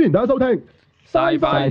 歡迎大家收聽，拜拜，拜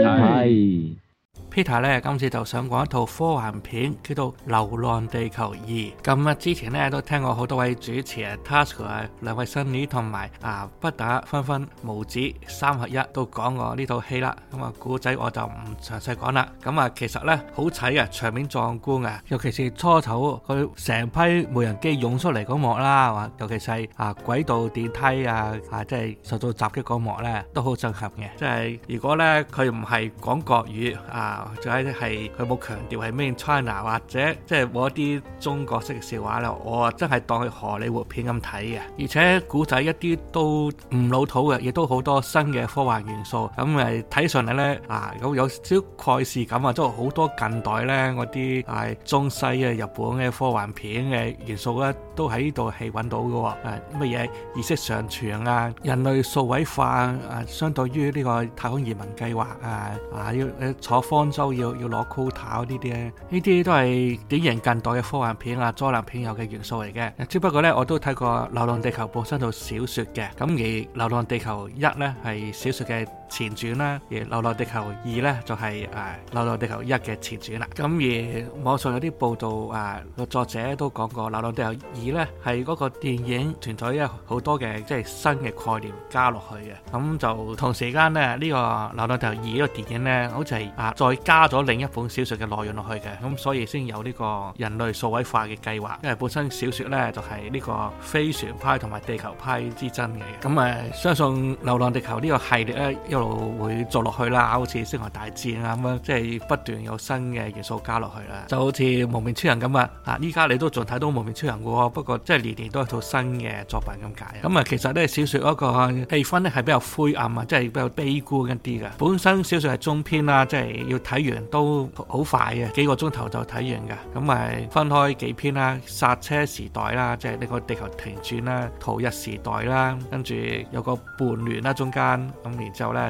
拜。Peter 咧，今次就想講一套科幻片，叫做《流浪地球二》。咁啊，之前咧都聽過好多位主持人，t a s h a 啊，兩位新 o 同埋啊，不打紛紛無子三合一都講過呢套戲啦。咁啊，古仔我就唔詳細講啦。咁啊，其實咧好睇啊，場面壯觀啊，尤其是初頭佢成批無人機湧出嚟嗰幕啦，尤其係啊軌道電梯啊啊，即係受到襲擊嗰幕咧，都好震撼嘅。即係如果咧佢唔係講國語啊～仲有啲係佢冇強調係咩 China 或者即係冇一啲中國式嘅笑話咧，我真係當佢荷里活片咁睇嘅。而且古仔一啲都唔老土嘅，亦都好多新嘅科幻元素。咁誒睇上嚟咧，啊咁有少少既視感啊，即係好多近代咧嗰啲係中西嘅日本嘅科幻片嘅元素咧。都喺呢度係揾到嘅，誒乜嘢意識上傳啊，人類數位化啊，相對於呢個太空移民計劃啊，啊，啊要啊坐方舟要要攞 quota 呢啲咧，呢啲都係典型近代嘅科幻片啊、災難片有嘅元素嚟嘅。只不過咧，我都睇過《流浪地球》本身套小説嘅，咁而《流浪地球一呢》咧係小説嘅，前傳啦，而《流浪地球二》咧就係誒《流浪地球一》嘅前傳啦。咁而網上有啲報道啊，個作者都講過，《流浪地球二》咧係嗰個電影存在咗好多嘅即係新嘅概念加落去嘅。咁就同時間咧，呢個《流浪地球二》呢個電影咧，好似係啊再加咗另一本小説嘅內容落去嘅。咁所以先有呢個人類數位化嘅計劃，因為本身小説咧就係呢個飛船派同埋地球派之爭嘅。咁誒，相信《流浪地球》呢個系列咧有。就會做落去啦，好似《星河大戰》啊咁樣，即係不斷有新嘅元素加落去啦。就好似《無名超人》咁啊，依家你都仲睇到《無名超人》喎，不過即係年年都係套新嘅作品咁解。咁啊，其實咧小說嗰個氣氛咧係比較灰暗啊，即係比較悲觀一啲嘅。本身小說係中篇啦，即係要睇完都好快嘅，幾個鐘頭就睇完噶。咁咪分開幾篇啦，《剎車時代》啦，即係呢個地球停轉啦，《逃逸時代》啦，跟住有個叛亂啦中間，咁然之後咧。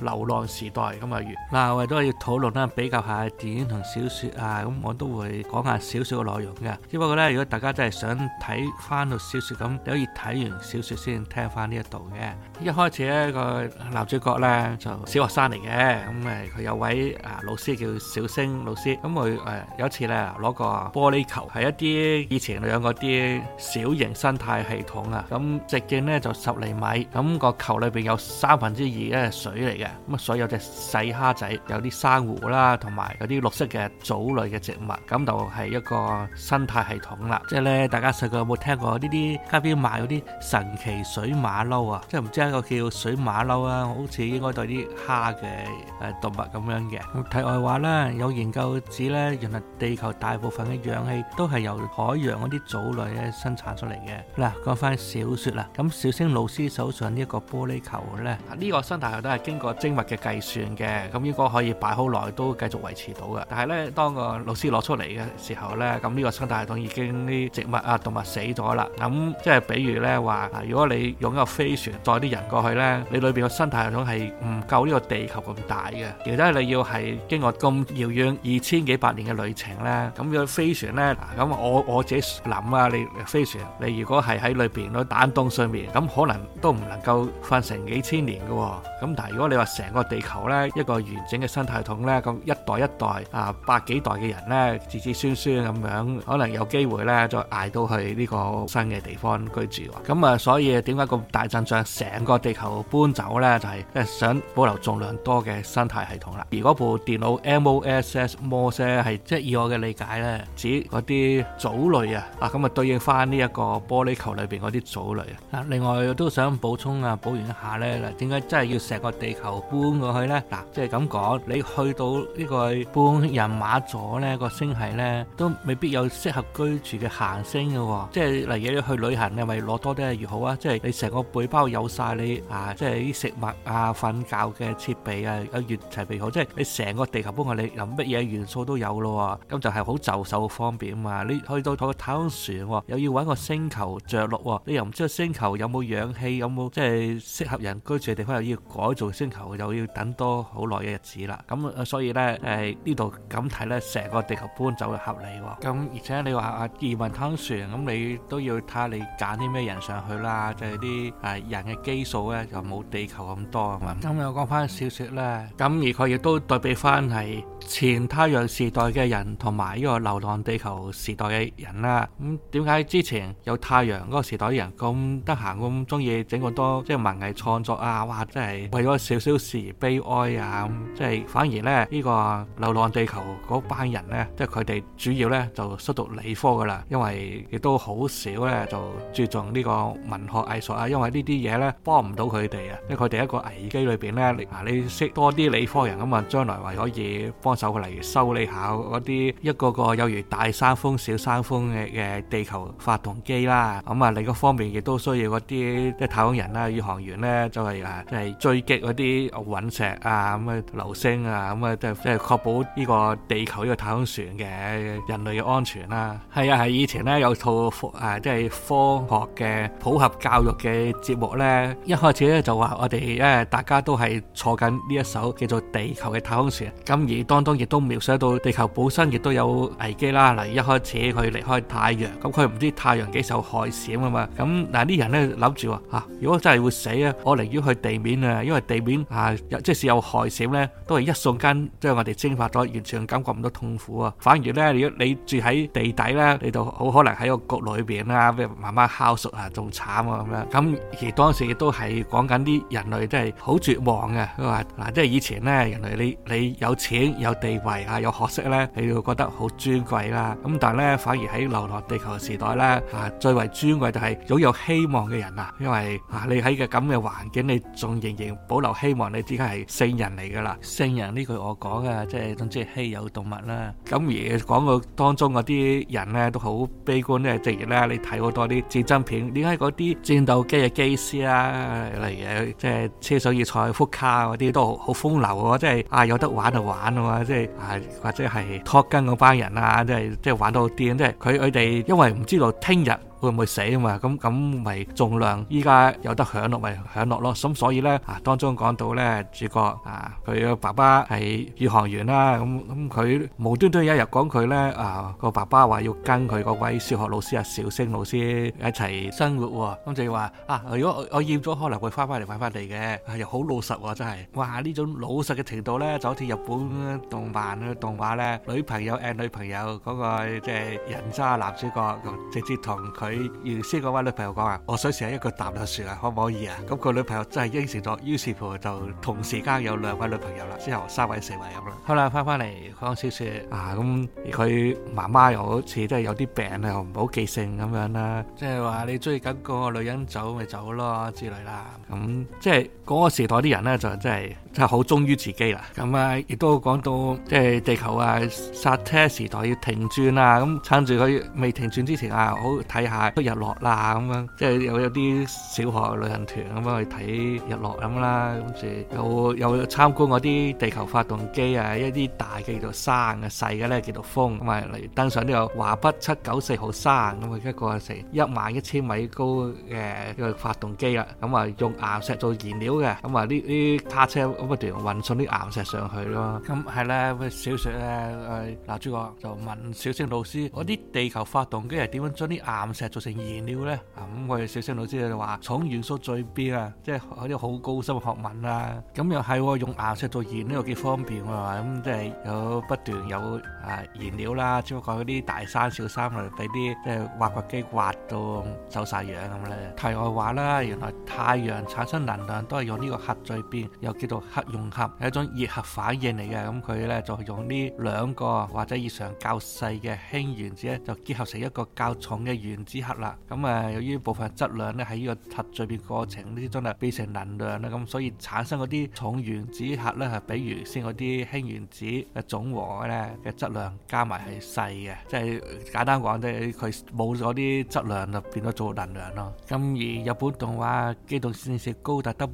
流浪時代咁啊，如嗱，為咗要討論啦，比較下電影同小說啊，咁我都會講下少少嘅內容嘅。只不過呢，如果大家真係想睇翻到小說咁，你可以睇完小說先聽翻呢一度嘅。一開始呢個男主角呢，就小學生嚟嘅，咁誒，佢有位啊老師叫小星老師，咁佢誒有一次呢，攞個玻璃球，係一啲以前養嗰啲小型生態系統啊，咁直徑呢，就十厘米，咁個球裏邊有三分之二咧係水嚟嘅。咁啊，所有隻細蝦仔，有啲珊瑚啦，同埋有啲綠色嘅藻類嘅植物，咁就係一個生態系統啦。即係咧，大家細個有冇聽過呢啲街邊賣嗰啲神奇水馬騮啊？即係唔知係一個叫水馬騮啦，好似應該對啲蝦嘅誒動物咁樣嘅。題外話啦，有研究指咧，原來地球大部分嘅氧氣都係由海洋嗰啲藻類咧生產出嚟嘅。嗱，講翻小說啦，咁小星老師手上呢一個玻璃球咧，呢個生態係都係經過。精密嘅計算嘅，咁應該可以擺好耐都繼續維持到嘅。但係咧，當個老師攞出嚟嘅時候咧，咁呢個生態系統已經啲植物啊動物死咗啦。咁即係比如咧話，如果你用一個飛船載啲人過去咧，你裏邊個生態系統係唔夠呢個地球咁大嘅。而且你要係經過咁遙遠二千幾百年嘅旅程咧，咁個飛船咧，咁我我自己諗啊，你飛船你如果係喺裏邊攞冬眠睡眠，咁可能都唔能夠瞓成幾千年嘅。咁但係如果你話，成個地球咧，一個完整嘅生態系統咧，咁一代一代啊，百幾代嘅人咧，子子孫孫咁樣，可能有機會咧，再捱到去呢個新嘅地方居住。咁啊，所以點解咁大陣仗，成個地球搬走咧，就係想保留重量多嘅生態系統啦。而嗰部電腦 MOSS，MOSS 係，即係以我嘅理解咧，指嗰啲藻類啊，啊咁啊對應翻呢一個玻璃球裏邊嗰啲藻類啊。另外都想補充啊，補完一下咧，嗱，點解真係要成個地球？搬過去咧，嗱，即係咁講，你去到呢個半人馬座咧個星系咧，都未必有適合居住嘅行星嘅，即係例如你去旅行，你咪攞多啲嘢越好啊！即係你成個背包有晒你啊，即係啲食物啊、瞓覺嘅設備啊，有越齊越好。即係你成個地球搬過嚟，連乜嘢元素都有咯，咁就係好就手方便啊嘛！你去到個太空船，又要搵個星球着陸，你又唔知個星球有冇氧氣，有冇即係適合人居住嘅地方，又要改造星球。又又要等多好耐嘅日子啦，咁所以咧，誒呢度咁睇咧，成個地球搬走係合理嘅。咁而且你話啊移民湯船，咁你都要睇下你揀啲咩人上去啦，就係啲誒人嘅基數咧就冇地球咁多係嘛。咁又講翻小說啦，咁而佢亦都對比翻係前太陽時代嘅人同埋呢個流浪地球時代嘅人啦。咁點解之前有太陽嗰個時代嘅人咁得閒咁中意整咁多即係文藝創作啊？哇，真係為咗小說，表示悲哀啊！即係反而咧，呢個流浪地球嗰班人咧，即係佢哋主要咧就修讀理科噶啦，因為亦都好少咧就注重呢個文學藝術啊。因為呢啲嘢，咧幫唔到佢哋啊，即係佢哋一個危機裏邊咧，你啊你識多啲理科人咁啊，將來話可以幫手嚟修理下嗰啲一個個有如大山峰、小山峰嘅嘅地球發動機啦。咁啊，另一個方面亦都需要嗰啲即係太空人啦、宇航員咧，就係啊即係追擊嗰啲。啲隕石啊，咁啊流星啊，咁啊都係即係確保呢個地球呢個太空船嘅人類嘅安全啦。係啊，係以前咧有套科誒即係科學嘅普及教育嘅節目咧，一開始咧就話我哋咧、啊、大家都係坐緊呢一艘叫做地球嘅太空船。咁而當中亦都描述到地球本身亦都有危機啦。嗱、啊，一開始佢離開太陽，咁佢唔知太陽幾時氦閃啊嘛。咁嗱啲人咧諗住話吓，如果真係會死啊，我寧願去地面啊，因為地面。啊，即係是有害少咧，都係一瞬間將我哋蒸發咗，完全感覺唔到痛苦啊！反而咧，如果你住喺地底咧，你就好可能喺個焗爐裏邊啦，慢慢烤熟啊，仲慘啊咁樣。咁而當時亦都係講緊啲人類，真係好絕望嘅。佢話嗱，即係以前咧，人類你你有錢有地位啊，有學識咧，你就覺得好尊貴啦。咁但係咧，反而喺流浪地球嘅時代咧，啊，最為尊貴就係擁有希望嘅人啊，因為啊，你喺個咁嘅環境，你仲仍然保留希望。你而家係聖人嚟噶啦，聖人呢句我講嘅，即係總之係稀有動物啦。咁而講到當中嗰啲人咧，都好悲觀，即係例如咧，你睇好多啲戰爭片，點解嗰啲戰鬥機嘅機師啊，例如即係車手熱賽福卡嗰啲，都好風流啊？即係啊有得玩就玩啊，嘛，即係啊或者係托金嗰班人啊，即係即係玩到癲，即係佢佢哋因為唔知道聽日。會唔會死啊嘛？咁咁咪重量，依家有得享樂咪享樂咯。咁所以咧，啊當中講到咧主角啊，佢個爸爸係宇航員啦。咁咁佢無端端有一日講佢咧，啊個爸爸話要跟佢嗰位小學老師啊，小星老師一齊生活。咁就話啊如果我厭咗，可能會翻翻嚟翻翻嚟嘅。又好老實真係。哇！呢種老實嘅程度咧，就好似日本動漫動畫咧，女朋友誒女朋友嗰個即係人渣男主角直接同佢。佢原先嗰位女朋友講話，我想試一個啖就算啦，可唔可以啊？咁個女朋友真係應承咗，於是乎就同時間有兩位女朋友啦，之後三位四位有啦。好啦，翻翻嚟講小說啊，咁、嗯、佢媽媽又好似真係有啲病啦，又唔好記性咁樣啦，即係話你中意咁個女人走咪走咯之類啦。咁、嗯、即係嗰、那個時代啲人咧就真係真係好忠於自己啦。咁啊、嗯，亦都講到即係地球啊剎車時代要停轉啊，咁、嗯、趁住佢未停轉之前啊，好睇下。都日落啦咁樣，即係有有啲小學旅行團咁樣去睇日落咁啦，跟住有有參觀嗰啲地球發動機啊，一啲大嘅叫做山嘅，細嘅咧叫做峯咁啊，例如登上呢個華北七九四號山咁啊，一個成一萬一千米高嘅個發動機啦，咁啊用岩石做燃料嘅，咁啊呢啲卡車咁啊，不斷運送啲岩石上去咯。咁係啦，咁小説咧誒，男主角就問小星老師：嗰啲地球發動機係點樣將啲岩石？做成燃料咧，咁我哋小星老師就話：重元素聚變啊？即係嗰啲好高深嘅學問啊！咁又係用岩石做燃料又幾方便喎咁，即係有不斷有啊燃料啦，即係嗰啲大山小山嚟俾啲即係挖掘機挖到走晒樣咁咧。題外話啦，原來太陽產生能量都係用呢個核聚變，又叫做核融合係一種熱核反應嚟嘅。咁佢咧就用呢兩個或者以上較細嘅輕原子咧，就結合成一個較重嘅原子。核啦，咁啊由於部分質量咧喺呢個核聚變過程之中啊變成能量啦，咁所以產生嗰啲重原子核咧，係比如先嗰啲氫原子嘅總和咧嘅質量加埋係細嘅，即係簡單講即係佢冇咗啲質量就變咗做能量咯。咁而日本動畫《機動戰士高達00》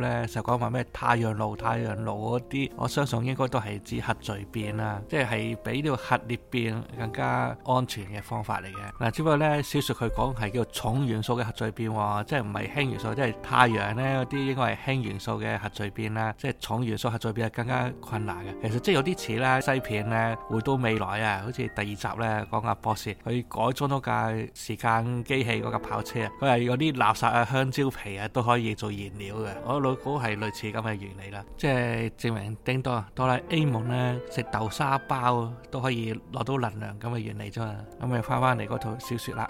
咧就講話咩太陽爐、太陽爐嗰啲，我相信應該都係指核聚變啦，即係係比呢個核裂變更加安全嘅方法嚟嘅。嗱，只不過咧少。佢講係叫重元素嘅核聚變喎，即係唔係輕元素，即係太陽咧嗰啲應該係輕元素嘅核聚變啦，即係重元素核聚變係更加困難嘅。其實即係有啲似啦，西片咧回到未來啊，好似第二集咧講阿博士佢改裝咗架時間機器嗰架跑車，佢係有啲垃圾啊、香蕉皮啊都可以做燃料嘅，我老估係類似咁嘅原理啦。即係證明多，叮多啊，哆啦 A 夢咧食豆沙包都可以攞到能量咁嘅原理啫嘛。咁咪翻翻嚟嗰套小說啦。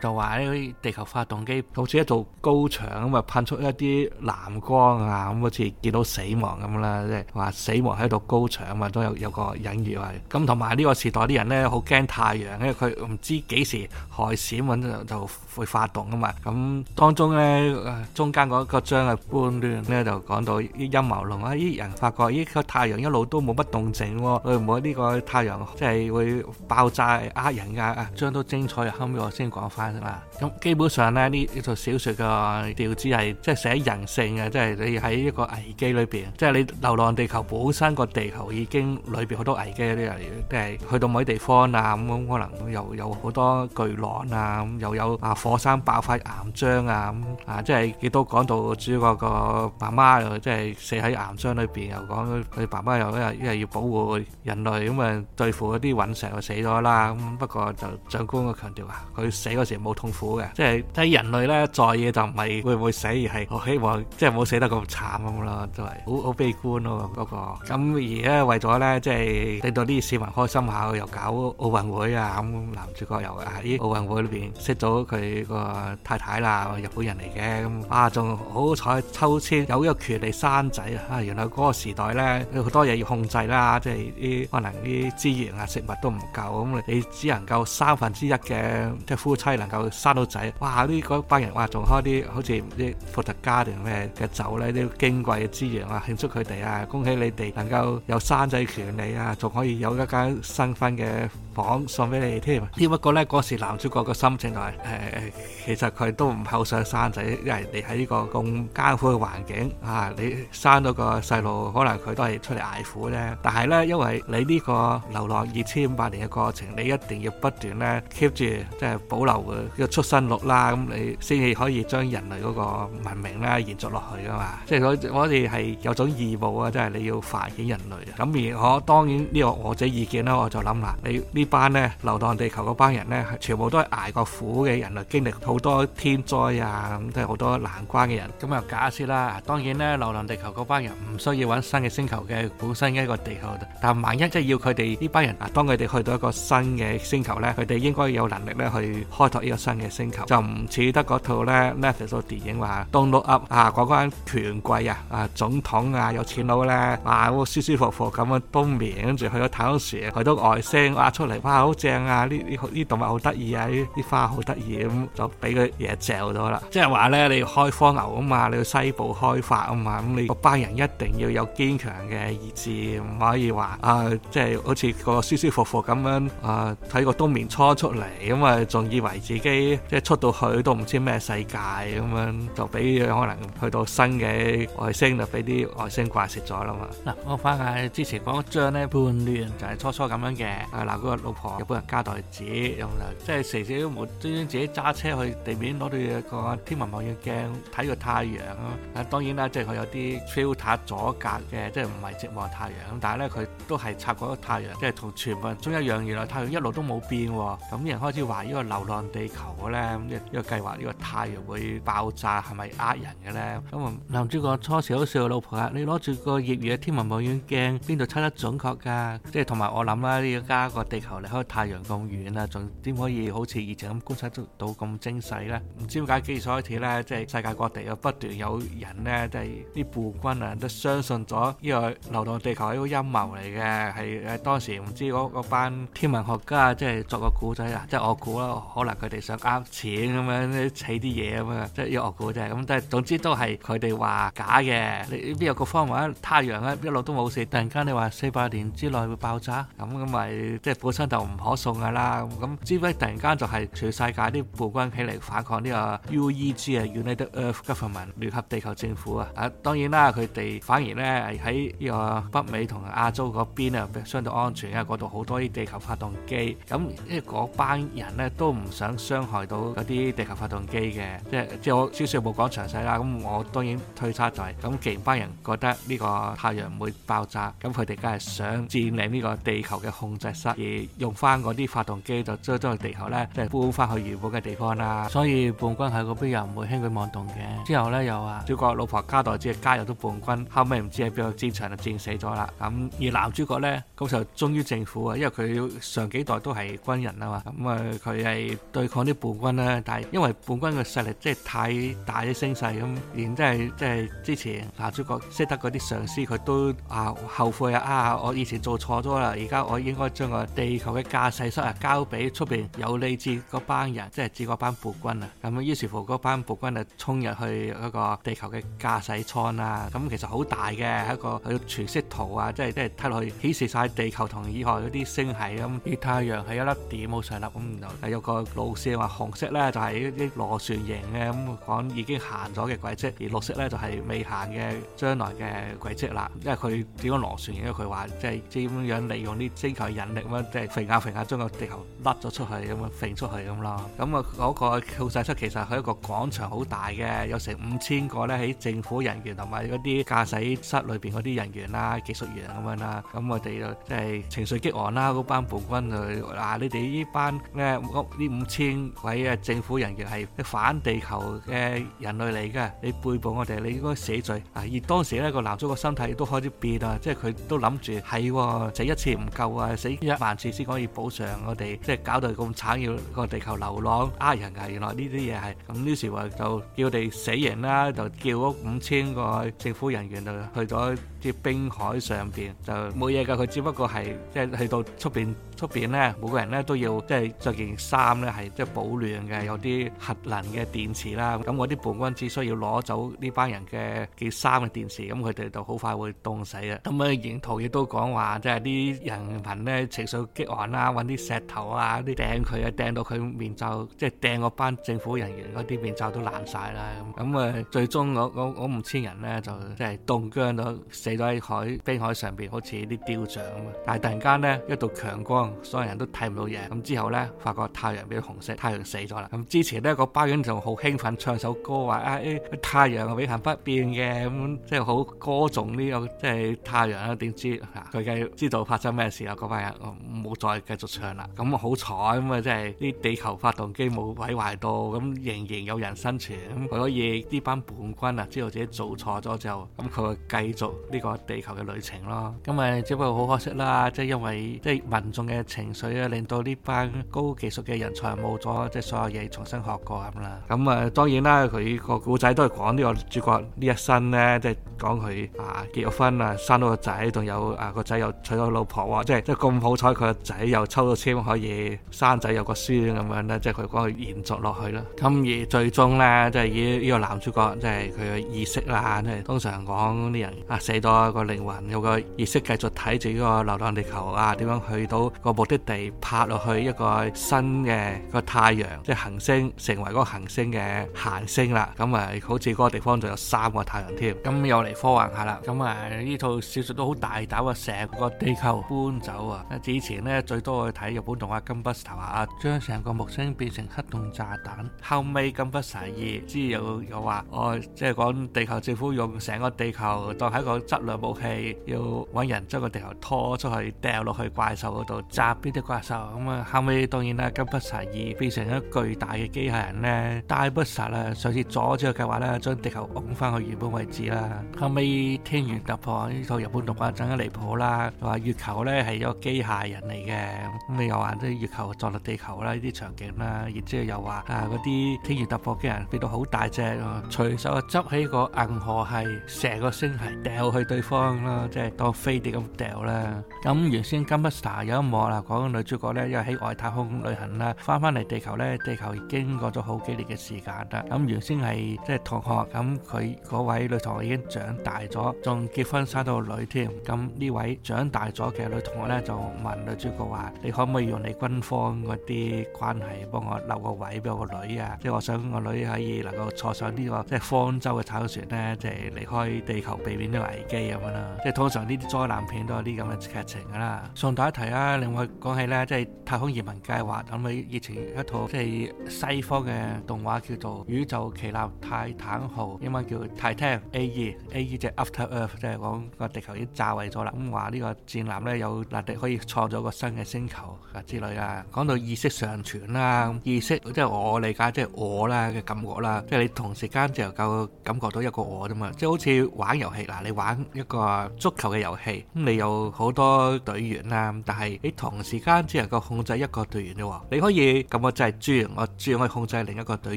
就話咧，地球發動機好似一道高牆咁啊，噴出一啲藍光啊，咁好似見到死亡咁啦，即係話死亡喺度高牆啊，都有個隱喻，有個隱喻啊。咁同埋呢個時代啲人咧，好驚太陽咧，因為佢唔知幾時氦閃，咁就就會發動啊嘛。咁當中咧，中間嗰個章係叛亂咧，就講到啲陰謀論啊，啲、哎、人發覺依個太陽一路都冇乜動靜喎，會唔會呢個太陽即係會爆炸呃人噶。啊，章都精彩，後尾我先。講翻啦，咁基本上咧，呢呢套小說嘅調子係即係寫人性嘅，即係你喺一個危機裏邊，即係你流浪地球本身個地球已經裏邊好多危機啲人，即係去到某啲地方啊咁，可能又有好多巨浪啊，咁又有啊火山爆發岩漿啊咁啊，即係亦都講到主要個媽媽又即係死喺岩漿裏邊，又講佢爸爸又一日一日要保護人類咁啊，對付嗰啲隕石就死咗啦，咁不過就長官個強調啊，佢。死嗰時冇痛苦嘅，即係睇人類咧在嘢就唔係會唔會死，而係我希望即係冇死得咁慘咁咯，都係好好悲觀咯嗰、那個。咁而咧為咗咧，即係令到啲市民開心下，又搞奧運會啊咁。男主角又喺奧運會裏邊識咗佢個太太啦，日本人嚟嘅咁啊，仲好彩抽籤有一個權利生仔啊！原來嗰個時代咧好多嘢要控制啦，即係啲可能啲資源啊食物都唔夠咁，你只能夠三分之一嘅，夫妻能夠生到仔，哇！呢嗰班人哇，仲開啲好似啲伏特加定咩嘅酒呢？啲矜貴嘅資源啊，慶祝佢哋啊，恭喜你哋能夠有生仔權利啊，仲可以有一間新婚嘅房送俾你添。只不過呢，嗰時男主角個心情就係、哎、其實佢都唔好想生仔，因為你喺呢個咁艱苦嘅環境啊，你生到個細路，可能佢都係出嚟捱苦啫。但係呢，因為你呢個流浪二千五百年嘅過程，你一定要不斷呢 keep 住，即係保。保留嘅，出生率啦，咁你先至可以將人類嗰個文明咧，延續落去噶嘛。即係我我哋係有種義務啊，即係你要繁衍人類啊。咁而我當然呢個我嘅意見咧，我就諗啦，你呢班咧流浪地球嗰班人咧，係全部都係挨過苦嘅人類，經歷好多天災啊，咁都係好多難關嘅人。咁又假設啦，當然咧，流浪地球嗰班人唔需要搵新嘅星球嘅，本身一個地球。但萬一即係要佢哋呢班人啊，當佢哋去到一個新嘅星球咧，佢哋應該有能力咧去開拓呢個新嘅星球，就唔似得嗰套咧 Netflix 個電影話，Don't Look Up 啊啊嗰班權貴啊啊總統啊有錢佬咧啊，我舒舒服服咁樣冬眠，跟住去咗太空船，去到外星，哇出嚟哇好正啊！呢呢呢動物好得意啊！呢啲花好得意咁，就俾佢嘢嚼咗啦。即係話咧，你要開荒牛啊嘛，你要西部開發啊嘛，咁你個班人一定要有堅強嘅意志，唔可以話啊，即係好似個舒舒服服咁樣啊睇個冬眠初出嚟，因為仲要。以為自己即係出到去都唔知咩世界咁樣，就俾可能去到新嘅外星，就俾啲外星怪食咗啦嘛。嗱，我翻解之前講張咧叛亂就係、是、初初咁樣嘅。嗱，嗰個老婆有本人加袋子咁就即係成日都冇端端自己揸車去地面攞到一個天文望遠鏡睇個太陽啦。當然啦，即係佢有啲 f i l t e 隔嘅，即係唔係直望太陽，但係咧佢都係拆覺到太陽，即係同全部中一樣，原來太陽一路都冇變喎。咁人開始懷疑個流。流浪地球咧，呢個計劃呢個太陽會爆炸係咪呃人嘅咧？咁啊，男主角初時好笑個老婆啊，你攞住個業餘嘅天文望遠鏡，邊度測得準確噶？即係同埋我諗啦，呢家個地球離開太陽咁遠啦，仲點可以好似以前咁觀察到咁精細咧？唔知點解幾時開始咧，即係世界各地又不斷有人咧，即係啲暴君啊都相信咗呢個流浪地球係個陰謀嚟嘅，係誒當時唔知嗰班天文學家即係作個古仔啊，即係我估啦。可能佢哋想呃錢咁樣咧，砌啲嘢咁樣，即係惡估啫。咁但係總之都係佢哋話假嘅。你邊有個方法？太陽一路都冇事，突然間你話四百年之內會爆炸咁，咁咪即係本身就唔可送噶啦。咁只不過突然間就係全世界啲暴君起嚟反抗呢個 U.E.G. 啊，United Earth Government 聯合地球政府啊。啊，當然啦，佢哋反而咧喺呢個北美同亞洲嗰邊啊，相對安全，因為嗰度好多啲地球發動機。咁呢嗰班人咧都唔～唔想傷害到嗰啲地球發動機嘅，即係即係我少少冇講詳細啦。咁我當然推測就係，咁既然班人覺得呢個太陽唔會爆炸，咁佢哋梗係想佔領呢個地球嘅控制室，而用翻嗰啲發動機就將將個地球咧即係搬翻去原本嘅地方啦。所以叛軍喺嗰邊又唔會輕舉妄動嘅。之後咧又話，主角老婆交代之後加入咗叛軍，後尾唔知喺邊個戰場就戰死咗啦。咁而男主角咧嗰時候忠於政府啊，因為佢上幾代都係軍人啊嘛，咁啊佢係。對抗啲叛軍啦，但係因為叛軍嘅實力，即係太大啲聲勢咁，連即係即係之前男主角識得嗰啲上司佢都啊後悔啊！啊，我以前做錯咗啦，而家我應該將個地球嘅駕駛室啊交俾出面有理智嗰班人，即係治嗰班叛軍啊！咁於是乎嗰班叛軍就衝入去嗰個地球嘅駕駛艙啦。咁其實好大嘅一個全息圖啊，即係即係睇落去顯示晒地球同以外嗰啲星系咁，月太陽係一粒點冇上立咁，然後有個路線話紅色咧就係一啲螺旋形嘅，咁講已經行咗嘅軌跡，而綠色咧就係未行嘅將來嘅軌跡啦。因為佢點樣螺旋形？佢話即係點樣樣利用啲星球嘅引力咁樣，即係揈下揈下將個地球甩咗出去咁樣揈出去咁囉。咁啊嗰個跳曬出，其實係一個廣場好大嘅，有成五千個咧喺政府人員同埋嗰啲駕駛室裏邊嗰啲人員啦、技術員咁樣啦。咁我哋就即係情緒激昂啦，嗰班暴君就嗱你哋呢班咧我。五千位啊，政府人員係反地球嘅人類嚟嘅，你背叛我哋，你應該死罪啊！而當時咧，個男主角個身體都開始變啊，即係佢都諗住係死一次唔夠啊，死一萬次先可以補償我哋，即係搞到咁慘，要個地球流浪，呃人啊！原來呢啲嘢係咁，於是話就叫佢哋死刑啦，就叫五千個政府人員就去咗。啲冰海上邊就冇嘢㗎，佢只不過係即係去到出邊出邊咧，每個人咧都要即係著件衫咧，係即係保暖嘅，有啲核能嘅電池啦。咁我啲叛軍只需要攞走呢班人嘅件衫嘅電池，咁佢哋就好快會凍死啦。咁啊，沿途亦都講話，即係啲人民咧情緒激昂啦，搵啲石頭啊啲掟佢啊，掟到佢面罩，即係掟嗰班政府人員嗰啲面罩都爛晒啦。咁啊，最終我我，我五千人咧就即係凍僵到。死咗喺海冰海上邊，好似啲雕像咁。但係突然間咧，一度強光，所有人都睇唔到嘢。咁之後咧，發覺太陽變紅色，太陽死咗啦。咁之前咧，個巴音仲好興奮唱首歌，話啊、哎、太陽永恒不變嘅，咁即係好歌頌呢個即係太陽啦。點知啊，佢計知道發生咩事啊？嗰班人冇再繼續唱啦。咁啊好彩咁啊，即係啲地球發動機冇毀壞到，咁仍然有人生存。咁所以呢班叛軍啊，知道自己做錯咗之後，咁佢會繼續。呢個地球嘅旅程咯，咁咪只不過好可惜啦，即係因為即係民眾嘅情緒啊，令到呢班高技術嘅人才冇咗，即係所有嘢重新學過咁啦。咁啊，當然啦，佢個古仔都係講呢個主角呢一生咧，即係講佢啊結咗婚啊，生咗個仔，仲有啊個仔又娶咗老婆喎，即係即係咁好彩，佢個仔又抽咗簽可以生仔有個孫咁樣咧，即係佢講佢延續落去啦。咁而最終咧，即係呢個男主角，即係佢嘅意識啦，即係通常講啲人啊死。個靈魂有個意識繼續睇住呢個流浪地球啊，點樣去到個目的地，拍落去一個新嘅個太陽，即係行星成為嗰個行星嘅行星啦。咁啊，好似嗰個地方仲有三個太陽添。咁又嚟科幻下啦。咁啊，呢套小說都好大膽啊，成個地球搬走啊。之前咧，最多去睇日本動畫金筆頭啊，將成個木星變成黑洞炸彈。後尾金筆十二，之後又話我即係講地球政府用成個地球當係一個。核武器要搵人將個地球拖出去，掉落去怪獸嗰度炸邊啲怪獸。咁啊，後尾當然啦，金不實已變成個一巨大嘅機械人咧。大不實啦。上次阻止個計劃咧，將地球掹翻去原本位置啦。後尾天元突破呢套日本動畫整得離譜啦，話月球咧係一個機械人嚟嘅。咁你又話啲月球撞落地球啦，呢啲場景啦，也說啊、那些然之後又話啊嗰啲天元突破嘅人變到好大隻，隨手啊執起個銀河系成個星系掉去。對方啦，即係多飛啲咁掉啦。咁原先《Gimme Star》有一幕啦，講女主角咧，因為喺外太空旅行啦，翻翻嚟地球咧，地球已經過咗好幾年嘅時間啦。咁原先係即係同學，咁佢嗰位女同學已經長大咗，仲結婚生到個女添。咁呢位長大咗嘅女同學咧，就問女主角話：你可唔可以用你軍方嗰啲關係幫我留個位俾我個女啊？即係我想個女可以能夠坐上呢個即係方舟嘅太空船咧，即係離開地球避免啲危機。咁樣啦，即係通常呢啲災難片都有啲咁嘅劇情噶啦。順帶一提啦，另外講起咧，即係太空移民計劃諗起以前一套，即係西方嘅動畫叫做《宇宙奇蹟泰坦號》，英文叫 Titan A.E. A.E. 即係 After Earth，即係講個地球已經炸毀咗啦。咁話呢個戰艦咧，有立地可以創咗個新嘅星球啊之類啊。講到意識上傳啦，意識即係我理解即係我啦嘅感覺啦，即係你同時間就夠感覺到一個我啫嘛。即係好似玩遊戲嗱，你玩。一個足球嘅遊戲，咁你有好多隊員啦，但係你同時間只能夠控制一個隊員啫。你可以咁我真係朱，我朱可以控制另一個隊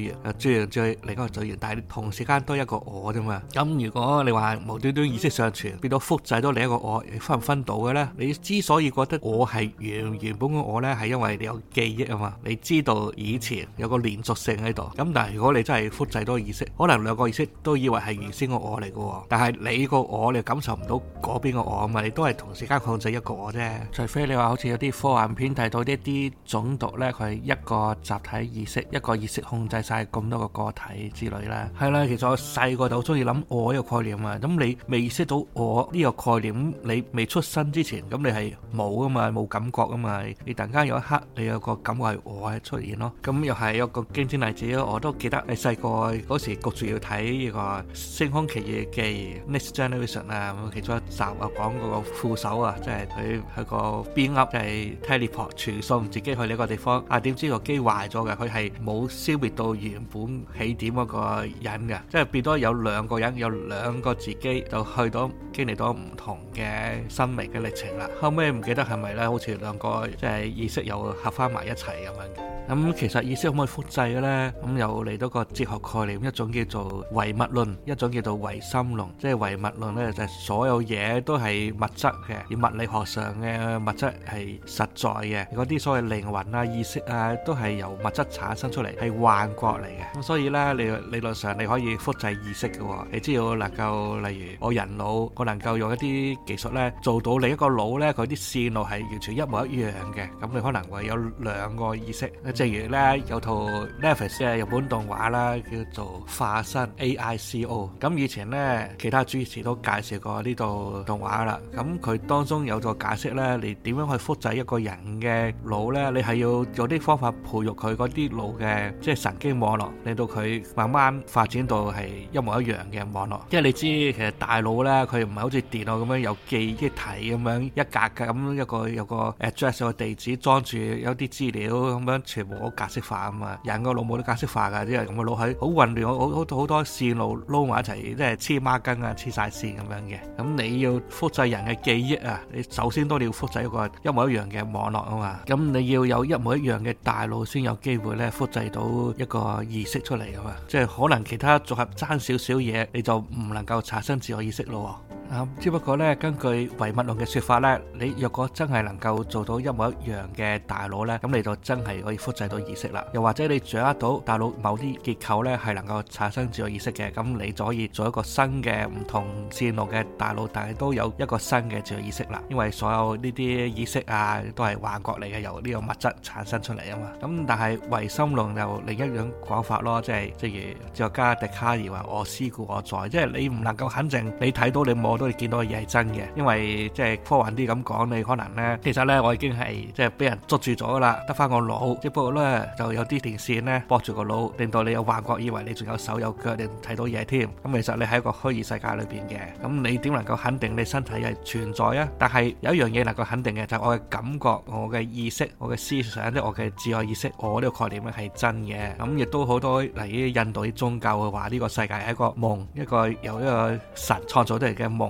員，阿朱再另一個隊員，但係同時間多一個我啫嘛。咁、嗯、如果你話無端端意識上傳，變到複製多另一個我，你分唔分到嘅呢？你之所以覺得我係原原本嘅我呢，係因為你有記憶啊嘛，你知道以前有個連續性喺度。咁、嗯、但係如果你真係複製多意識，可能兩個意識都以為係原先個我嚟噶，但係你個我你。感受唔到嗰邊個我啊嘛，你都係同時間控制一個我啫。除非你話好似有啲科幻片睇到呢啲種族咧，佢係一個集體意識，一個意識控制曬咁多個個體之類啦。係啦，其實我細個就中意諗我呢個概念啊。咁你未意識到我呢個概念，咁你未出生之前，咁你係冇啊嘛，冇感覺啊嘛。你突然間有一刻，你有個感覺係我嘅出現咯。咁又係一個經典例子咯。我都記得，你細個嗰時焗住要睇呢個《星空奇遇記》（Next Generation）。誒、嗯，其中一集啊，講嗰個副手啊，即係佢係個 B 級，即係 teleport，傳送自己去呢個地方。啊，點知個機壞咗嘅，佢係冇消滅到原本起點嗰個人嘅，即係變多有兩個人，有兩個自己就去到經歷到唔同嘅生命嘅歷程啦。後尾唔記得係咪咧？好似兩個即係意識又合翻埋一齊咁樣。咁其實意識可唔可以複製嘅呢？咁又嚟到個哲學概念，一種叫做唯物論，一種叫做唯心論。即係唯物論呢，就係所有嘢都係物質嘅，而物理學上嘅物質係實在嘅，嗰啲所謂靈魂啊、意識啊，都係由物質產生出嚟，係幻覺嚟嘅。咁所以呢，你理論上你可以複製意識嘅喎，你只要能夠，例如我人腦，我能夠用一啲技術呢，做到另一個腦呢，佢啲線路係完全一模一樣嘅，咁你可能會有兩個意識。例如咧有套 Netflix 嘅日本動畫啦，叫做化身 A.I.C.O. 咁以前咧其他主持都介紹過呢套動畫啦。咁佢當中有個解釋咧，你點樣去複製一個人嘅腦咧？你係要有啲方法培育佢嗰啲腦嘅，即係神經網絡，令到佢慢慢發展到係一模一樣嘅網絡。因為你知其實大腦咧，佢唔係好似電腦咁樣有記憶體咁樣一格嘅，咁一個有個 address 個地址裝住有啲資料咁樣全。我格式化啊嘛，人個腦冇得格式化噶，即係咁啊，個腦係好混亂，好好好多線路撈埋一齊，即係黐孖筋啊，黐晒線咁樣嘅。咁你要複製人嘅記憶啊，你首先都要複製一個一模一樣嘅網絡啊嘛。咁你要有一模一樣嘅大腦，先有機會咧複製到一個意識出嚟啊嘛。即係可能其他組合爭少少嘢，你就唔能夠產生自我意識咯。啊！只不過咧，根據唯物論嘅説法咧，你若果真係能夠做到一模一樣嘅大腦咧，咁你就真係可以複製到意識啦。又或者你掌握到大腦某啲結構咧，係能夠產生自我意識嘅，咁你就可以做一個新嘅唔同線路嘅大腦，但係都有一個新嘅自我意識啦。因為所有呢啲意識啊，都係幻覺嚟嘅，由呢個物質產生出嚟啊嘛。咁但係唯心論又有另一種講法咯，即係即如哲學家笛卡爾話我思故我在，即係你唔能夠肯定你睇到你冇。都係見到嘅嘢係真嘅，因為即係科幻啲咁講，你可能咧其實咧我已經係即係俾人捉住咗啦，得翻個腦，只不過咧就有啲電線咧駁住個腦，令到你有幻覺，以為你仲有手有腳，你睇到嘢添。咁其實你喺一個虛擬世界裏邊嘅，咁你點能夠肯定你身體係存在啊？但係有一樣嘢能夠肯定嘅，就係我嘅感覺、我嘅意識、我嘅思想，即係我嘅自我意識，我呢個概念咧係真嘅。咁亦都好多嚟於印度啲宗教嘅話，呢個世界係一個夢，一個由一個神創造出嚟嘅夢。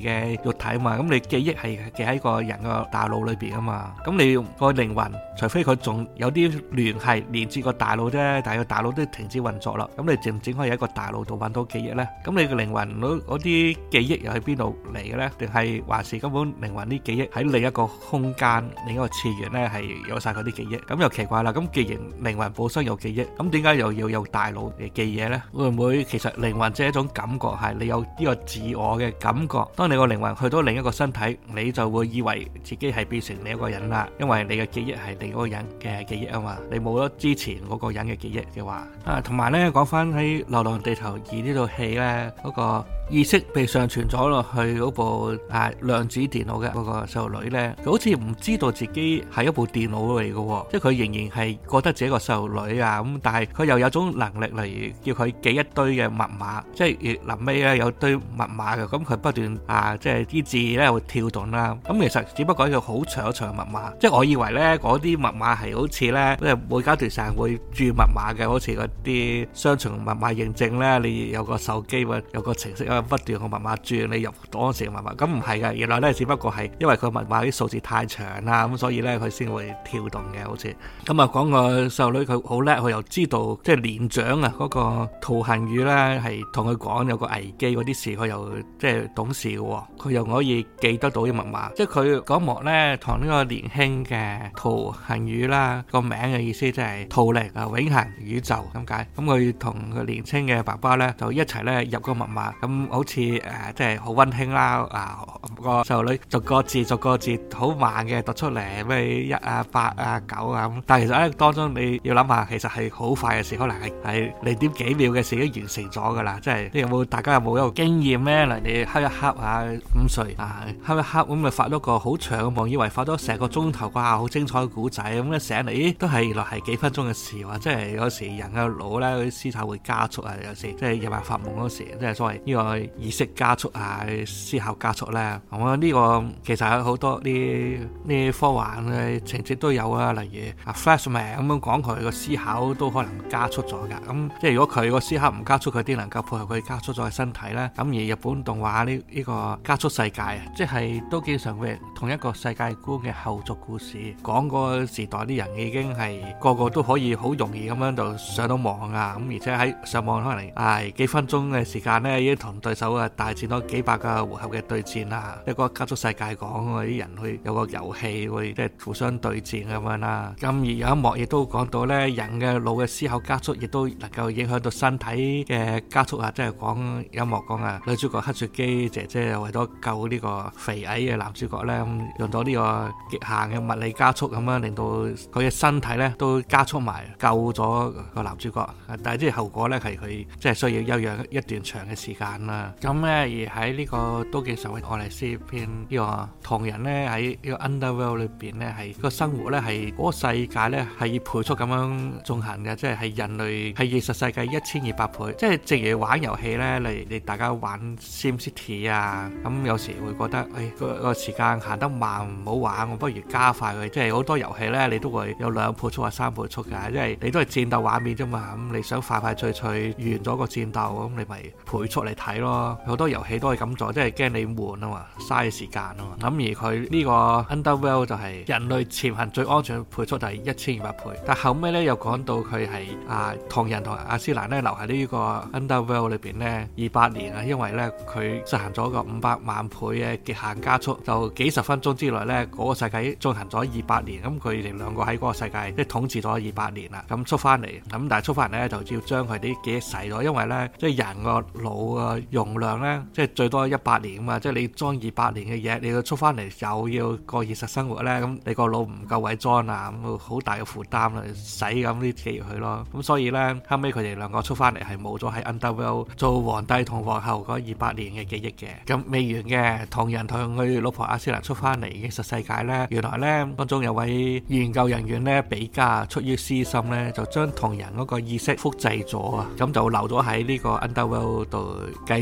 嘅肉體嘛，咁你記憶係記喺個人個大腦裏邊啊嘛，咁你個靈魂，除非佢仲有啲聯繫連接個大腦啫，但係個大腦都停止運作啦，咁你整唔整可以喺個大腦度揾到記憶呢？咁你個靈魂嗰嗰啲記憶又喺邊度嚟嘅呢？定係還是根本靈魂啲記憶喺另一個空間、另一個次元呢係有曬佢啲記憶？咁又奇怪啦！咁既然靈魂本身有記憶，咁點解又要有大腦嚟記嘢呢？會唔會其實靈魂只係一種感覺，係你有呢個自我嘅感覺？當你個靈魂去到另一個身體，你就會以為自己係變成你一個人啦，因為你嘅記憶係你嗰個人嘅記憶啊嘛，你冇咗之前嗰個人嘅記憶嘅話，啊，同埋呢講翻喺《流浪地球二》呢套戲呢嗰個。意識被上傳咗落去嗰部啊量子電腦嘅嗰個細路女咧，佢好似唔知道自己係一部電腦嚟嘅，即係佢仍然係覺得自己個細路女啊。咁但係佢又有種能力，例如叫佢記一堆嘅密碼，即係臨尾咧有堆密碼嘅。咁佢不斷啊，即係啲字咧會跳動啦。咁其實只不過係好長一長嘅密碼，即係我以為咧嗰啲密碼係好似咧，即係每間電商會注密碼嘅，好似嗰啲雙重密碼認證咧，你有個手機或者有個程式啊。不斷個密碼轉，你入嗰陣時密碼咁唔係嘅。原來咧只不過係因為佢密碼啲數字太長啦，咁所以咧佢先會跳動嘅。好似咁啊，講個細路女佢好叻，佢又知道即係年長啊嗰個圖恆宇啦，係同佢講有個危機嗰啲事，佢又即係懂事嘅喎，佢又可以記得到啲密碼，即係佢嗰幕咧同呢個年輕嘅圖恆宇啦，個名嘅意思即係圖靈啊永恆宇宙咁解，咁佢同佢年輕嘅爸爸咧就一齊咧入個密碼咁。好似誒，即係好溫馨啦！啊，個細路女逐個字逐個字好慢嘅讀出嚟，咩一啊八啊九咁。但係其實咧當中你要諗下，其實係好快嘅事，可能係係零點幾秒嘅事已經完成咗噶啦。即係你有冇大家有冇一個經驗咧？嗱，你瞌一瞌啊，午睡啊，瞌一瞌咁咪發咗個好長嘅夢，以為發咗成個鐘頭哇，好精彩嘅故仔咁一醒嚟，都係原來係幾分鐘嘅事喎！即係有時人嘅腦咧，啲思考會加速啊！有時即係入埋發夢嗰時，即係所謂呢個。意識加速啊，思考加速呢。我、嗯、呢、這個其實有好多啲科幻嘅情節都有啊，例如啊 Flashman 咁樣講佢個思考都可能加速咗噶，咁、嗯、即係如果佢個思考唔加速，佢啲能夠配合佢加速咗嘅身體咧，咁、嗯、而日本動畫呢呢、這個加速世界啊，即係都經常會同一個世界觀嘅後續故事，講個時代啲人已經係個個都可以好容易咁樣就上到網啊，咁、嗯、而且喺上網可能係、哎、幾分鐘嘅時間咧已經同。對手啊，大戰多幾百個回合嘅對戰啦，一個加速世界講啊，啲人去有個遊戲，會即係互相對戰咁樣啦。咁而有一幕亦都講到咧，人嘅腦嘅思考加速亦都能夠影響到身體嘅加速啊！即係講有一幕講啊，女主角黑雪姬姐姐為咗救呢個肥矮嘅男主角咧，用咗呢個極限嘅物理加速咁樣，令到佢嘅身體咧都加速埋，救咗個男主角。但係即係後果咧係佢即係需要休養一段長嘅時間啦。咁咧而喺呢個多嘅所謂愛麗絲篇呢個唐人咧喺呢個 underworld 裏邊咧係個生活咧係個世界咧係以倍速咁樣進行嘅，即係係人類係現實世界一千二百倍，即係正如玩遊戲咧，例如你大家玩 simcity 啊，咁有時會覺得，誒個個時間行得慢，唔好玩，我不如加快佢，即係好多遊戲咧你都會有兩倍速或三倍速嘅，因為你都係戰鬥畫面啫嘛，咁你想快快脆脆完咗個戰鬥，咁你咪倍速嚟睇。咯，好多遊戲都係咁做，即係驚你悶啊嘛，嘥時間啊嘛。咁而佢呢個 Underworld 就係人類潛行最安全嘅倍速，就係一千二百倍。但後尾咧又講到佢係啊唐人同阿斯蘭咧留喺呢個 Underworld 裏邊咧二百年啊，因為咧佢實行咗個五百萬倍嘅極限加速，就幾十分鐘之內咧嗰個世界進行咗二百年。咁佢哋兩個喺嗰個世界即係統治咗二百年啦。咁縮翻嚟，咁但係縮翻咧就要將佢啲記憶洗咗，因為咧即係人個腦個容量呢，即係最多一百年啊嘛！即係你裝二百年嘅嘢，你要出翻嚟又要過現實生活呢，咁你個腦唔夠位裝啊，咁好大嘅負擔啦，使咁啲記憶去咯。咁所以呢，後尾佢哋兩個出翻嚟係冇咗喺 NWO 做皇帝同皇后嗰二百年嘅記憶嘅。咁未完嘅唐人同佢老婆阿斯蘭出翻嚟現實世界呢，原來呢當中有位研究人員呢比加出於私心呢，就將唐人嗰個意識複製咗啊，咁就留咗喺呢個 NWO 度繼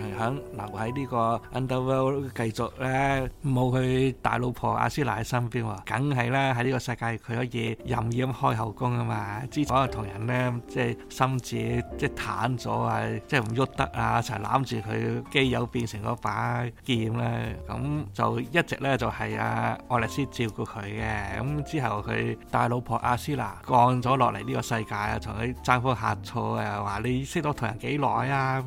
係響留喺呢個 Underworld 繼續咧，冇佢大老婆阿斯娜喺身邊喎，梗係啦，喺呢個世界佢可以任意咁開後宮啊嘛！之所以同人咧即係心智即係癱咗啊，即係唔喐得啊，一攬住佢基友變成嗰把劍咧，咁就一直咧就係阿愛麗絲照顧佢嘅。咁之後佢大老婆阿斯娜降咗落嚟呢個世界，同佢爭風呷醋啊，話你識到同人幾耐啊？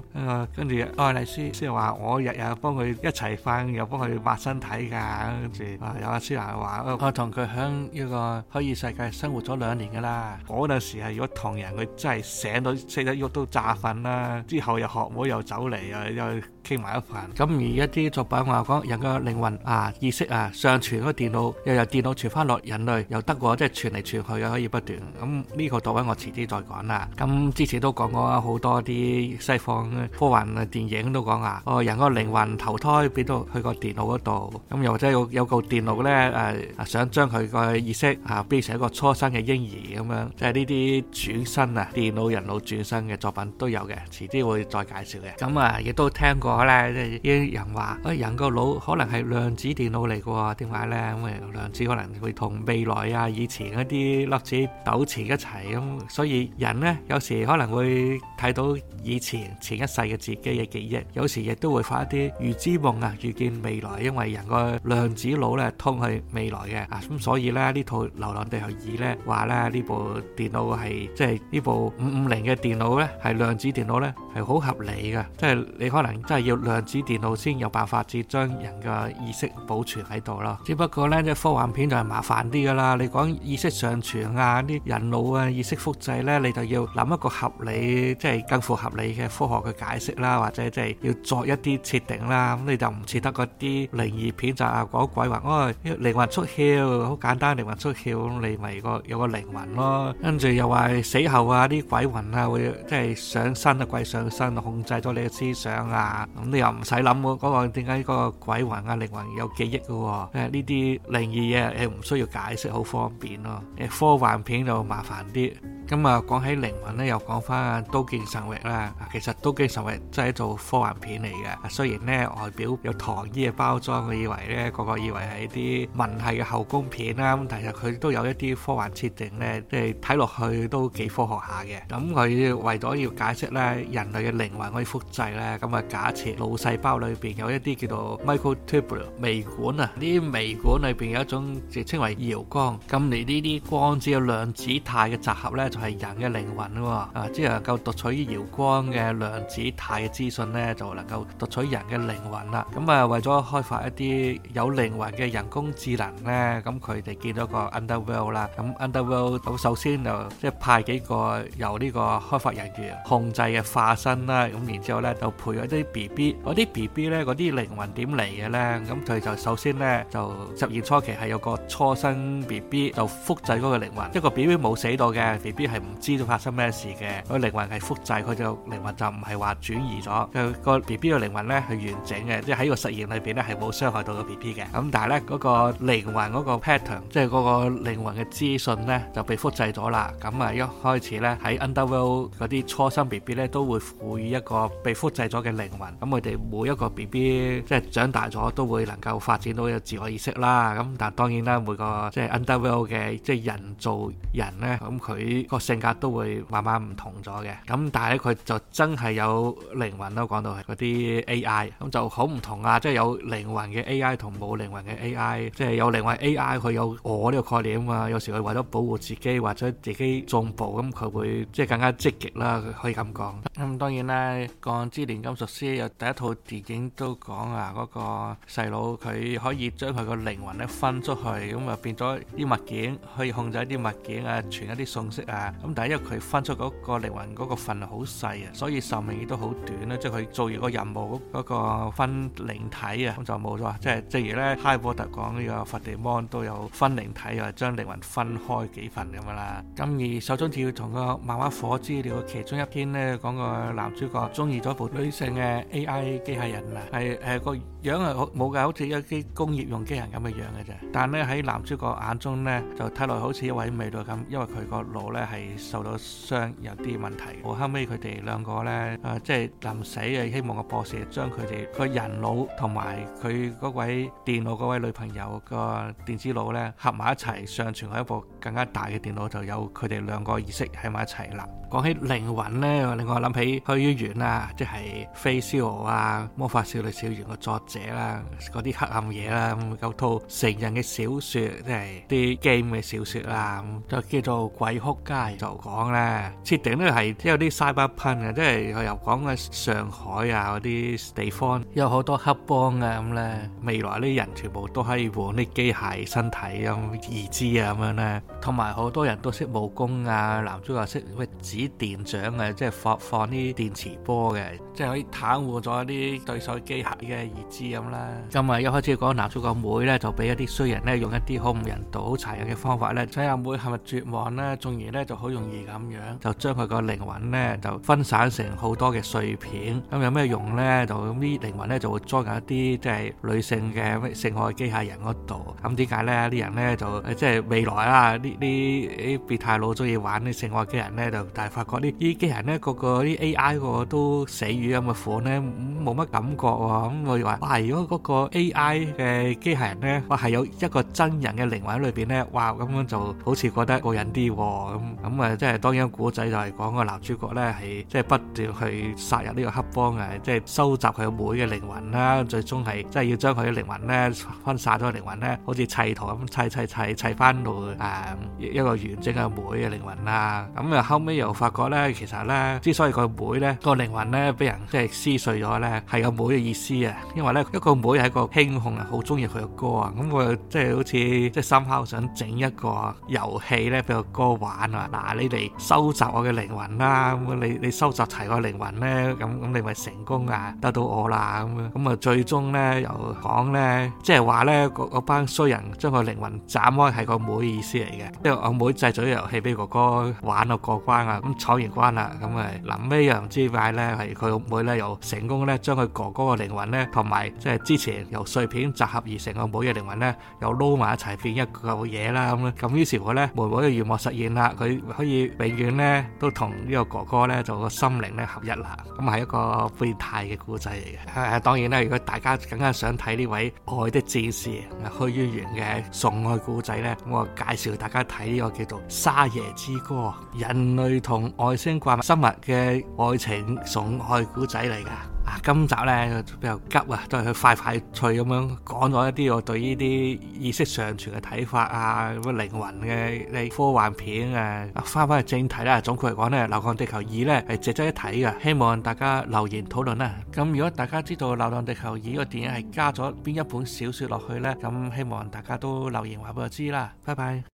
跟住愛。師即係話我日日幫佢一齊瞓，又幫佢抹身體噶，跟住啊有阿師奶話我同佢響呢個虛擬世界生活咗兩年噶啦，嗰陣時啊，如果同人佢真係醒到識得喐都詐瞓啦，之後又學武又走嚟，又。埋一份咁而一啲作品，我話講人個靈魂啊意識啊上傳嗰個電腦，又由電腦傳翻落人類，又得喎，即係傳嚟傳去嘅可以不斷。咁呢個作品我遲啲再講啦。咁之前都講過好多啲西方科幻嘅電影都講啊，我、哦、人個靈魂投胎畀到去個電腦嗰度，咁又或者有有部電腦呢誒、啊，想將佢個意識啊變成一個初生嘅嬰兒咁樣，即係呢啲轉生啊，電腦人腦轉生嘅作品都有嘅，遲啲會再介紹嘅。咁啊，亦都聽過。咧，即係啲人話，啊人個腦可能係量子電腦嚟嘅喎，點解咧？咁啊，量子可能會同未來啊、以前嗰啲粒子糾纏一齊，咁所以人咧有時可能會睇到以前前一世嘅自己嘅記憶，有時亦都會發一啲預知夢啊，預見未來，因為人個量子腦咧通去未來嘅啊，咁所以咧呢套《流浪地球二》咧話咧呢部電腦係即係呢部五五零嘅電腦咧係量子電腦咧係好合理嘅，即係你可能真係。要量子電腦先有辦法至將人嘅意識保存喺度啦。只不過呢，即係科幻片就係麻煩啲噶啦。你講意識上傳啊，啲人腦啊意識複製呢，你就要諗一個合理，即係更符合你嘅科學嘅解釋啦，或者即係要作一啲設定啦。咁你就唔似得嗰啲靈異片就係講鬼魂，哦、哎，靈魂出竅好簡單，靈魂出竅，你咪個有個靈魂咯。跟住又話死後啊啲鬼魂啊會即係上身啊鬼上身控制咗你嘅思想啊。咁你又唔使諗嗰嗰個點解嗰個鬼魂啊靈魂有記憶嘅喎？誒呢啲靈異嘢，誒唔需要解釋，好方便咯。誒科幻片就麻煩啲。咁啊講起靈魂咧，又講翻《刀劍神域》啦。其實《刀劍神域》真係做科幻片嚟嘅。雖然咧外表有唐衣嘅包裝，佢以為咧個個以為係啲文藝嘅後宮片啦。但其實佢都有一啲科幻設定咧，即係睇落去都幾科學下嘅。咁佢為咗要解釋咧人類嘅靈魂可以複製咧，咁啊假。腦細胞裏邊有一啲叫做 microtubule 微管啊，呢啲微管裏邊有一種即係稱為搖光。咁你呢啲光子嘅量子態嘅集合咧，就係人嘅靈魂喎。啊，即係能夠讀取搖光嘅量子態嘅資訊咧，就能夠讀取人嘅靈魂啦。咁啊，為咗開發一啲有靈魂嘅人工智能咧，咁佢哋建咗個 underworld 啦。咁 underworld 首先就即係派幾個由呢個開發人員控制嘅化身啦，咁然之後咧就培咗一啲 B B 嗰啲 B B 咧，嗰啲靈魂點嚟嘅咧？咁佢就首先咧，就實驗初期係有個初生 B B 就複製嗰個靈魂，一個 B B 冇死到嘅，B B 係唔知道發生咩事嘅。佢靈魂係複製，佢就靈魂就唔係話轉移咗。佢個 B B 嘅靈魂咧係完整嘅，即係喺個實驗裏邊咧係冇傷害到個 B B 嘅。咁但係咧嗰個靈魂嗰個 pattern，即係嗰個靈魂嘅資訊咧就被複製咗啦。咁啊，一開始咧喺 Underworld 嗰啲初生 B B 咧都會賦予一個被複製咗嘅靈魂。咁佢哋每一個 B B 即係長大咗都會能夠發展到有自我意識啦。咁但係當然啦，每個即係 N W 嘅即係人造人咧，咁佢個性格都會慢慢唔同咗嘅。咁但係咧，佢就真係有靈魂咯。講到係嗰啲 A I，咁就好唔同啊。即係有靈魂嘅 A I 同冇靈魂嘅 A I，即係有靈魂 A I 佢有我呢個概念啊嘛。有時佢為咗保護自己或者自己進步，咁佢會即係更加積極啦。佢可以咁講。咁當然啦，鋼之鍊金術師有。第一套電影都講啊，嗰個細佬佢可以將佢個靈魂咧分出去，咁啊變咗啲物件可以控制啲物件啊，傳一啲訊息啊。咁但係因為佢分出嗰個靈魂嗰個份係好細啊，所以壽命亦都好短啦。即係佢做完個任務嗰嗰個分靈體啊，咁就冇咗。即係正如咧，哈利波特講呢個佛地魔都有分靈體，又係將靈魂分開幾份咁噶啦。咁而手塚治同個漫畫火之鳥其中一篇咧，講個男主角中意咗部女性嘅。A.I. 機械人啊，係誒個樣係冇㗎，好似一機工業用機器人咁嘅樣嘅啫。但咧喺男主角眼中咧，就睇落好似一位美女咁，因為佢個腦咧係受到傷，有啲問題。後尾佢哋兩個咧誒，即係臨死嘅希望個博士將佢哋個人腦同埋佢嗰位電腦嗰位女朋友個電子腦咧合埋一齊，上傳去一部更加大嘅電腦，就有佢哋兩個意識喺埋一齊啦。講起靈魂咧，令我諗起《虛遠》啊，即係《飛霄》。啊！魔法少女小圓嘅作者啦，嗰啲黑暗嘢啦，咁有套成人嘅小説，即係啲 game 嘅小説啦，就叫做《鬼哭街》就講咧，設定咧係都有啲賽博朋克嘅，即係又講嘅上海啊嗰啲地方，有好多黑幫嘅咁咧，未來啲人全部都可以換啲機械身體咁移植啊咁樣咧，同埋好多人都識武功啊，男主角識咩指電掌啊，即係放放啲電磁波嘅，即係可以癱瘓。做一啲對手機械嘅意志咁啦。今日，一開始講男主角妹咧，就俾一啲衰人咧，用一啲好唔人道、好殘忍嘅方法咧，將阿妹係咪絕望咧？縱然咧就好容易咁樣，就將佢個靈魂咧就分散成好多嘅碎片。咁有咩用咧？就咁啲靈魂咧就會裝緊一啲即係女性嘅咩性愛機械人嗰度。咁點解咧？啲人咧就即係未來啦。呢呢啲變態佬中意玩啲性愛機械人咧，就但係發覺啲啲機械人咧，個個啲 AI 個個都死魚咁嘅款咧。冇乜感覺喎，咁我話哇，如果嗰個 A.I. 嘅機械人咧，話係有一個真人嘅靈魂喺裏邊咧，哇，咁樣就好似覺得過癮啲咁。咁啊，即係當有古仔就係講個男主角咧，係即係不斷去殺入呢個黑幫啊，即係收集佢妹嘅靈魂啦，最終係即係要將佢啲靈魂咧分散咗，靈魂咧好似砌圖咁砌砌砌砌翻到誒一個完整嘅妹嘅靈魂啊。咁啊，後尾又發覺咧，其實咧之所以個妹咧個靈魂咧俾人即係撕碎。對咗咧，係個妹嘅意思啊！因為咧，一個妹係一個兄控啊，好中意佢嘅歌啊！咁我即係好似即係心口想整一個遊戲咧，俾個哥玩啊！嗱，你哋收集我嘅靈魂啦！咁你你收集齊個靈魂咧，咁咁你咪成功啊，得到我啦！咁樣咁啊，最終咧又講咧，即係話咧，嗰嗰班衰人將個靈魂斬開，係個妹嘅意思嚟嘅。因為阿妹製咗遊戲俾哥哥玩啊過關啊！咁闖完關啦，咁咪臨尾又唔知點解咧，係佢個妹咧又成。成功咧，將佢哥哥個靈魂咧，同埋即係之前由碎片集合而成個妹嘅靈魂咧，又撈埋一齊變一嚿嘢啦，咁。咁於是乎咧，妹妹嘅願望實現啦，佢可以永遠咧都同呢個哥哥咧做個心靈咧合一啦。咁係一個變態嘅故仔嚟嘅。當然啦，如果大家更加想睇呢位愛的戰士虛淵源嘅崇愛故仔咧，我介紹大家睇呢個叫做《沙耶之歌》，人類同外星怪物生物嘅愛情崇愛故仔嚟噶。今集咧比較急啊，都係佢快快脆咁樣講咗一啲我對呢啲意識上傳嘅睇法啊，咁啊靈魂嘅科幻片啊，翻返去正題啦。總括嚟講咧，《流浪地球二》咧係值得一睇嘅，希望大家留言討論啦。咁如果大家知道《流浪地球二》個電影係加咗邊一本小説落去呢，咁希望大家都留言話俾我知啦。拜拜。